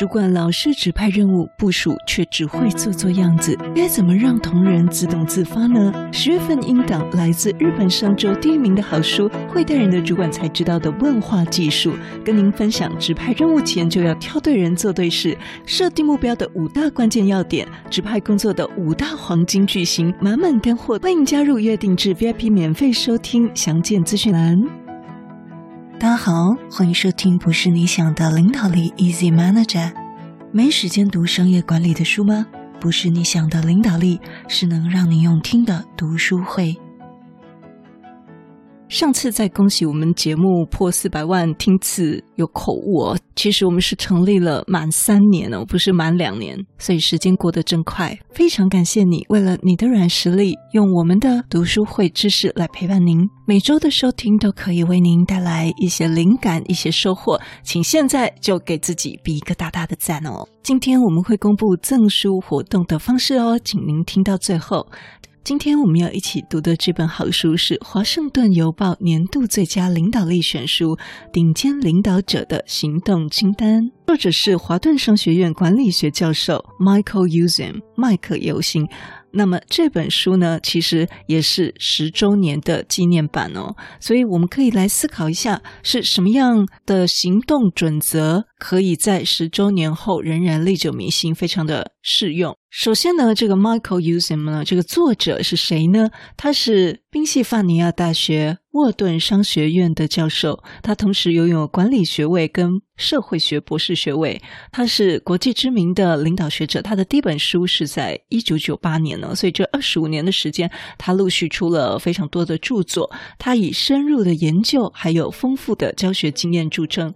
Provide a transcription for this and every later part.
主管老是指派任務，部屬卻只會做做樣子，該怎麼讓同仁自動自發呢？十月份音檔來自日本商周第一名的好書《會帶人的主管才知道的問話技術》，跟您分享指派任務前就要挑對人做對事，設定目標的五大關鍵要點，指派工作的五大黃金句型，滿滿乾貨，歡迎加入月訂制 VIP 免費收聽，詳見資訊欄。大家好，歡迎收聽《不是你想的領導力》，Easy Manager。沒時間讀商業管理的書嗎？不是你想的領導力，是能讓你用聽的讀書會。上次再恭喜我們節目破四百萬聽次有口誤哦，其實我們是成立了滿三年哦，不是滿兩年，所以時間過得真快。非常感謝你為了你的軟實力，用我們的讀書會知識來陪伴您，每週的收聽都可以為您帶來一些靈感、一些收穫。請現在就給自己比一個大大的讚哦！今天我們會公布贈書活動的方式哦，請您聽到最後。今天我們要一起讀的這本好書是《華盛頓郵報》年度最佳領導力選書《頂尖領導者的行動清單》，作者是華頓商學院管理學教授 Michael Useem 邁克·尤辛。那麼這本書呢，其實也是十周年的紀念版哦，所以我們可以來思考一下，是什麼樣的行動準則可以在十周年後仍然歷久彌新，非常的適用。首先呢，這個 Michael Useem 呢，這個作者是誰呢？他是賓夕法尼亞大學沃頓商學院的教授，他同時擁有管理學位跟社會學博士學位。他是國際知名的領導學者，他的第一本書是在一九九八年呢，所以這二十五年的時間，他陸續出了非常多的著作。他以深入的研究還有豐富的教學經驗著稱。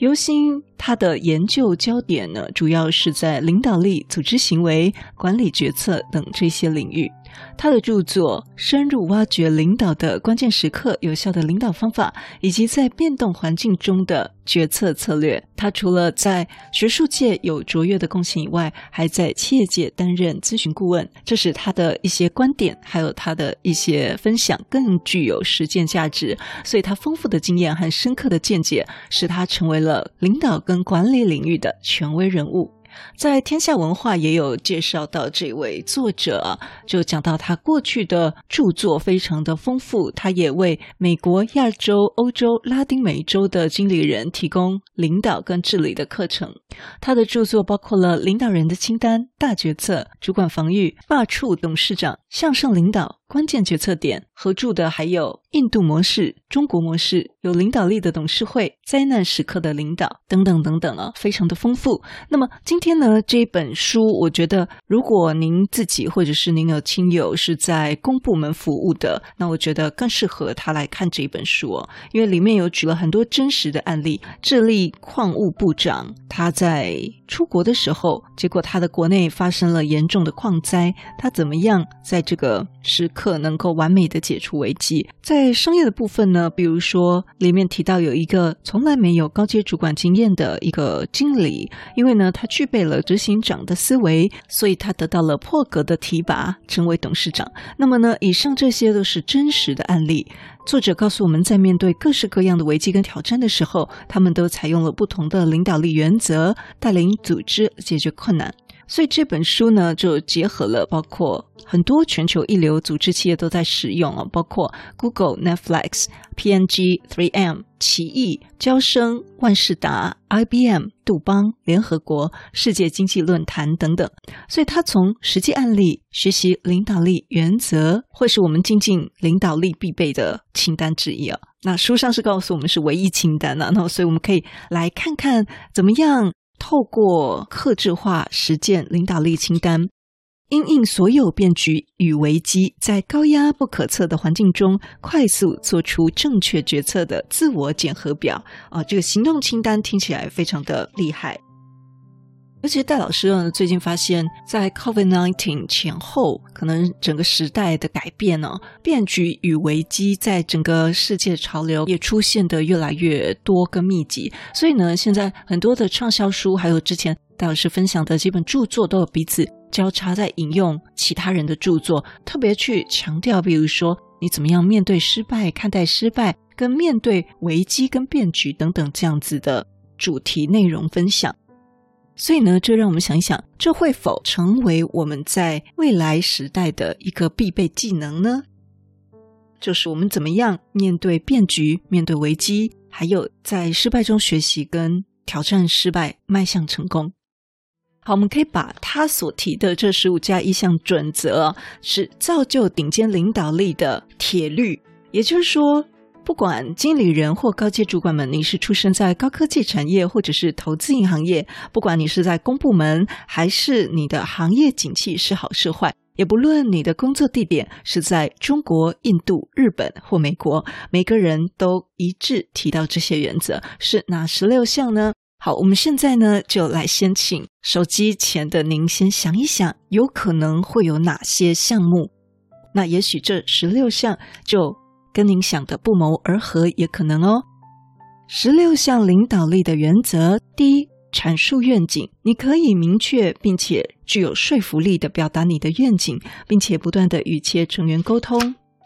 尤新，他的研究焦點呢，主要是在領導力、組織行為、管理決策等這些領域。他的著作深入挖掘領導的關鍵時刻、有效的領導方法，以及在變動環境中的決策策略。他除了在學術界有卓越的貢獻以外，還在企業界擔任諮詢顧問，這使他的一些觀點還有他的一些分享更具有實踐價值。所以，他豐富的經驗和深刻的見解，使他成為了領導跟管理領域的權威人物。在天下文化也有介紹到這位作者啊，就講到他過去的著作非常的豐富，他也為美國、亞洲、歐洲、拉丁美洲的經理人提供領導跟治理的課程。他的著作包括了《領導人的清單》。大決策主管防禦，罷黜董事長向上領導關鍵決策點，合著的還有印度模式、中國模式、有領導力的董事會、災難時刻的領導等等等等啊、哦，非常的豐富。那麼今天呢，這一本書我覺得，如果您自己或者是您有親友是在公部門服務的，那我覺得更適合他來看這一本書、哦，因為裡面有舉了很多真實的案例，智利礦務部長他在。出國的時候，結果他的國內發生了嚴重的礦災，他怎麼樣在這個時刻能夠完美的解除危機？在商業的部分呢，比如說裡面提到有一個從來沒有高階主管經驗的一個經理，因為呢他具備了執行長的思維，所以他得到了破格的提拔，成為董事長。那麼呢，以上這些都是真實的案例。作者告訴我們，在面對各式各樣的危機跟挑戰的時候，他們都採用了不同的領導力原則，帶領組織解決困難。所以這本書呢，就結合了包括很多全球一流組織企業都在使用哦，包括 Google、Netflix、PNG、3M、奇異、嬌生、萬事達、IBM、杜邦、聯合國、世界經濟論壇等等。所以它從實際案例學習領導力原則，會是我們精進領導力必備的清單之一哦、啊。那書上是告訴我們是唯一清單呢、啊，那所以我們可以來看看怎麼樣。透過客製化實踐領導力清單，因應所有變局與危機，在高壓不可測的環境中快速做出正確決策的自我檢核表啊！這個行動清單聽起來非常的厲害。而且戴老師呢，最近發現在，在 COVID-19 前後，可能整個時代的改變呢、啊，變局與危機在整個世界潮流也出現的越來越多跟密集。所以呢，現在很多的暢銷書，還有之前戴老師分享的幾本著作，都有彼此交叉在引用其他人的著作，特別去強調，比如說你怎麼樣面對失敗、看待失敗，跟面對危機、跟變局等等這樣子的主題內容分享。所以呢，就讓我們想一想，這會否成為我們在未來時代的一個必備技能呢？就是我們怎麼樣面對變局、面對危機，還有在失敗中學習、跟挑戰失敗、邁向成功。好，我們可以把他所提的這十五加一項準則，是造就頂尖領導力的鐵律。也就是說。不管經理人或高階主管們，你是出生在高科技產業，或者是投資銀行業，不管你是在公部門，還是你的行業景氣是好是壞，也不論你的工作地點是在中國、印度、日本或美國，每個人都一致提到這些原則。是哪十六項呢？好，我們現在呢就來先請手機前的您先想一想，有可能會有哪些項目？那也許這十六項就跟您想的不謀而合，也可能哦。十六項領導力的原則：第一，闡述願景，你可以明確並且具有說服力的表達你的願景，並且不斷的與其成員溝通，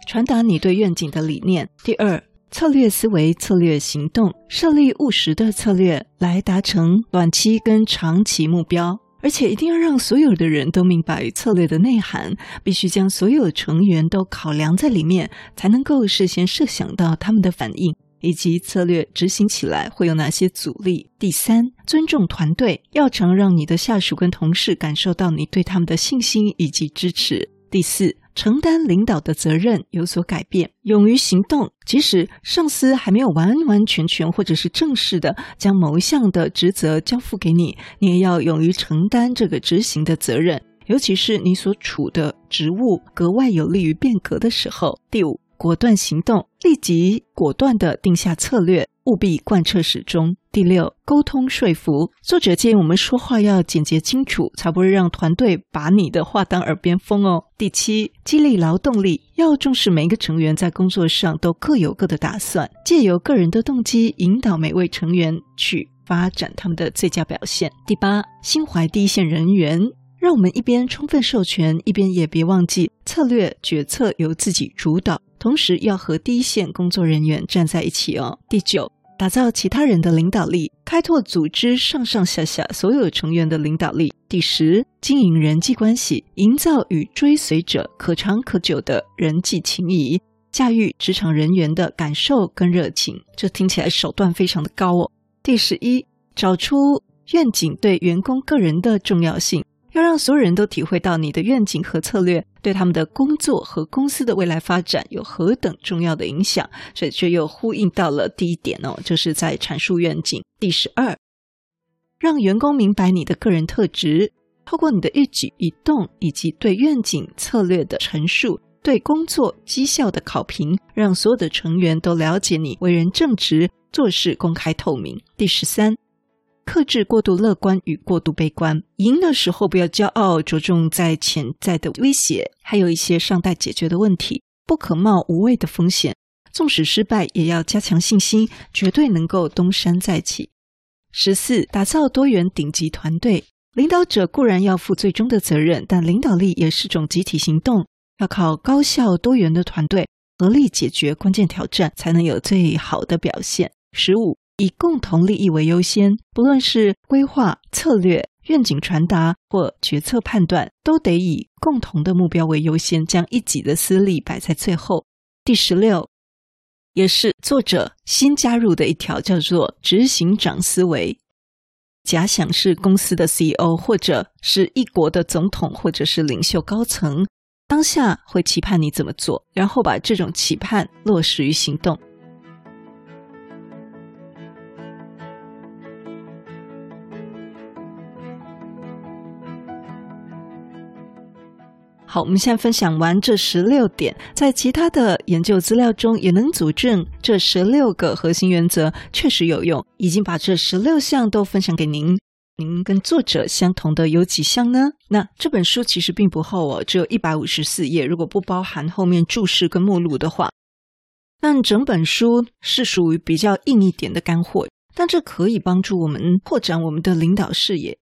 傳達你對願景的理念。第二，策略思維，策略行動，設立務實的策略來達成短期跟長期目標。而且一定要讓所有的人都明白策略的內涵，必須將所有成員都考量在裡面，才能夠事先設想到他們的反應，以及策略執行起來會有哪些阻力。第三，尊重團隊，要常讓你的下屬跟同事感受到你對他們的信心以及支持。第四。承擔領導的責任有所改變，勇於行動。即使上司還沒有完完全全或者是正式地將某一項的職責交付給你，你也要勇於承擔這個執行的責任。尤其是你所處的職務格外有利於變革的時候。第五，果斷行動，立即果斷地定下策略。務必貫徹始終。第六，溝通說服，作者建議我們說話要簡潔清楚，才不會讓團隊把你的話當耳邊風哦。第七，激勵勞動力，要重視每一個成員在工作上都各有各的打算，借由個人的動機，引導每位成員去發展他們的最佳表現。第八，心懷第一線人員，讓我們一邊充分授權，一邊也別忘記策略決策由自己主導。同時要和第一線工作人員，站在一起哦。第九，打造其他人的領導力，開拓組織上上下下所有成員的領導力。第十，經營人際關係，營造與追隨者可長可久的人際情誼，駕馭職場人員的感受跟熱情。這聽起來手段非常的高哦。第十一，找出願景對員工個人的重要性。要讓所有人都體會到你的願景和策略對他們的工作和公司的未來發展有何等重要的影響，所以這又呼應到了第一點哦，就是在闡述願景。第十二，讓員工明白你的個人特質，透過你的一舉一動以及對願景策略的陳述，對工作績效的考評，讓所有的成員都了解你為人正直，做事公開透明。第十三。克制過度樂觀與過度悲觀，贏的時候不要驕傲，着重在潛在的威脅，還有一些尚待解決的問題，不可冒無謂的風險。縱使失敗，也要加強信心，絕對能夠東山再起。十四，打造多元頂級團隊。領導者固然要負最終的責任，但領導力也是種集體行動，要靠高效多元的團隊合力解決關鍵挑戰，才能有最好的表現。十五。以共同利益為優先，不論是規劃、策略、願景傳達或決策判斷，都得以共同的目標為優先，將一己的私利擺在最後。第十六，也是作者新加入的一條，叫做“執行長思維”。假想是公司的 CEO，或者是一國的總統，或者是領袖高層，當下會期盼你怎麼做，然後把這種期盼落實於行動。好，我們現在分享完這十六點，在其他的研究資料中也能佐證這十六個核心原則確實有用。已經把這十六項都分享給您，您跟作者相同的有幾項呢？那這本書其實並不厚哦，只有一百五十四頁，如果不包含後面注釋跟目錄的話。但整本書是屬於比較硬一點的乾貨，但這可以幫助我們擴展我們的領導視野。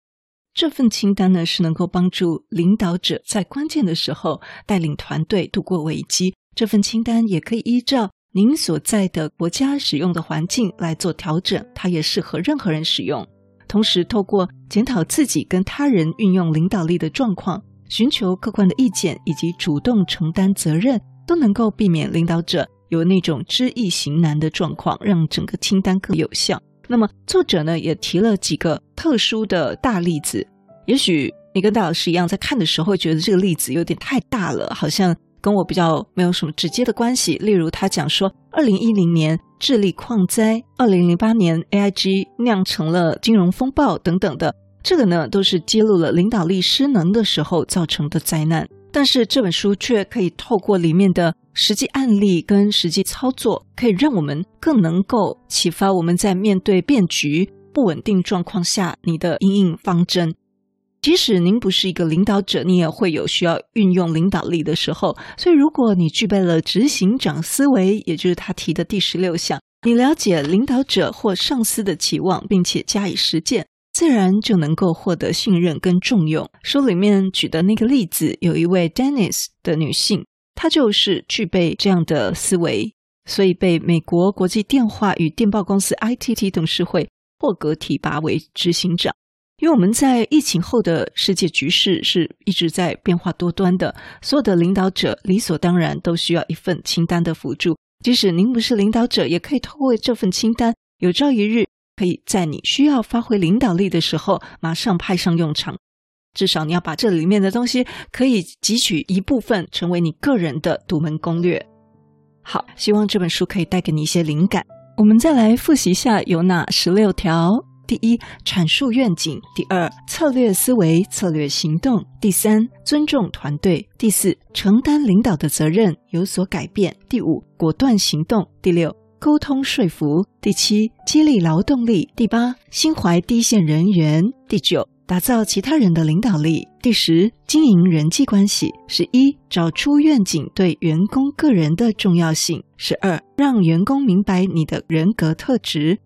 這份清單呢，是能夠幫助領導者在關鍵的時候帶領團隊度過危機。這份清單也可以依照您所在的國家使用的環境來做調整，它也適合任何人使用。同時，透過檢討自己跟他人運用領導力的狀況，尋求客觀的意見以及主動承擔責任，都能夠避免領導者有那種知易行難的狀況，讓整個清單更有效。那麼作者呢也提了幾個特殊的大例子，也許你跟大老師一樣，在看的時候會覺得這個例子有點太大了，好像跟我比較沒有什麼直接的關係。例如他講說，2010年智利礦災，2008年 AIG 釀成了金融風暴等等的，這個呢都是揭露了領導力失能的時候造成的災難。但是這本書卻可以透過裡面的實際案例跟實際操作，可以讓我們更能夠啟發我們在面對變局、不穩定狀況下你的因應方針。即使您不是一個領導者，你也會有需要運用領導力的時候。所以，如果你具備了執行長思維，也就是他提的第十六項，你了解領導者或上司的期望，並且加以實踐。自然就能夠獲得信任跟重用。書裡面舉的那個例子，有一位 Dennis 的女性，她就是具備這樣的思維，所以被美國國際電話與電報公司 ITT 董事會破格提拔為執行長。因為我們在疫情後的世界局勢是一直在變化多端的，所有的領導者理所當然都需要一份清單的輔助，即使您不是領導者，也可以透過這份清單，有朝一日。可以在你需要發揮領導力的時候馬上派上用場，至少你要把這裡面的東西可以汲取一部分，成為你個人的獨門攻略。好，希望這本書可以帶給你一些靈感。我們再來複習一下，有哪十六條？第一，闡述願景；第二，策略思維，策略行動；第三，尊重團隊；第四，承擔領導的責任，有所改變；第五，果斷行動；第六，溝通說服第七，激勵勞動力第八，心懷第一線人員第九，打造其他人的領導力第十，經營人際關係十一，找出願景對員工個人的重要性十二，讓員工明白你的人格特質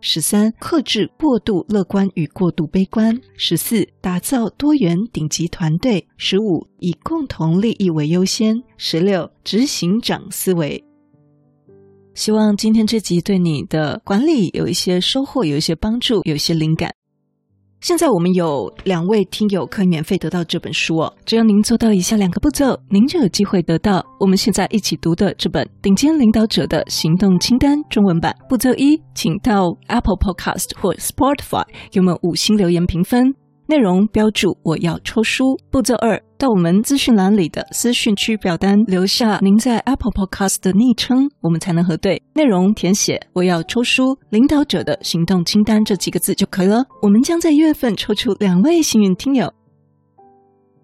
十三，克制過度樂觀與過度悲觀十四，打造多元頂級團隊十五，以共同利益為優先十六，執行長思維。希望今天這集對你的管理有一些收穫，有一些幫助，有一些靈感。現在我們有兩位聽友可以免費得到這本書哦，只要您做到以下兩個步驟，您就有機會得到我們現在一起讀的這本《頂尖領導者的行動清單》中文版。步驟一，請到 Apple Podcast 或 Spotify 給我們五星留言評分，內容標注“我要抽書”。步驟二，到我們資訊欄裡的私訊區表單，留下您在 Apple Podcast 的昵稱我們才能核對內容填寫。我要抽書《領導者的行動清單》這幾個字就可以了。我們將在一月份抽出兩位幸運聽友。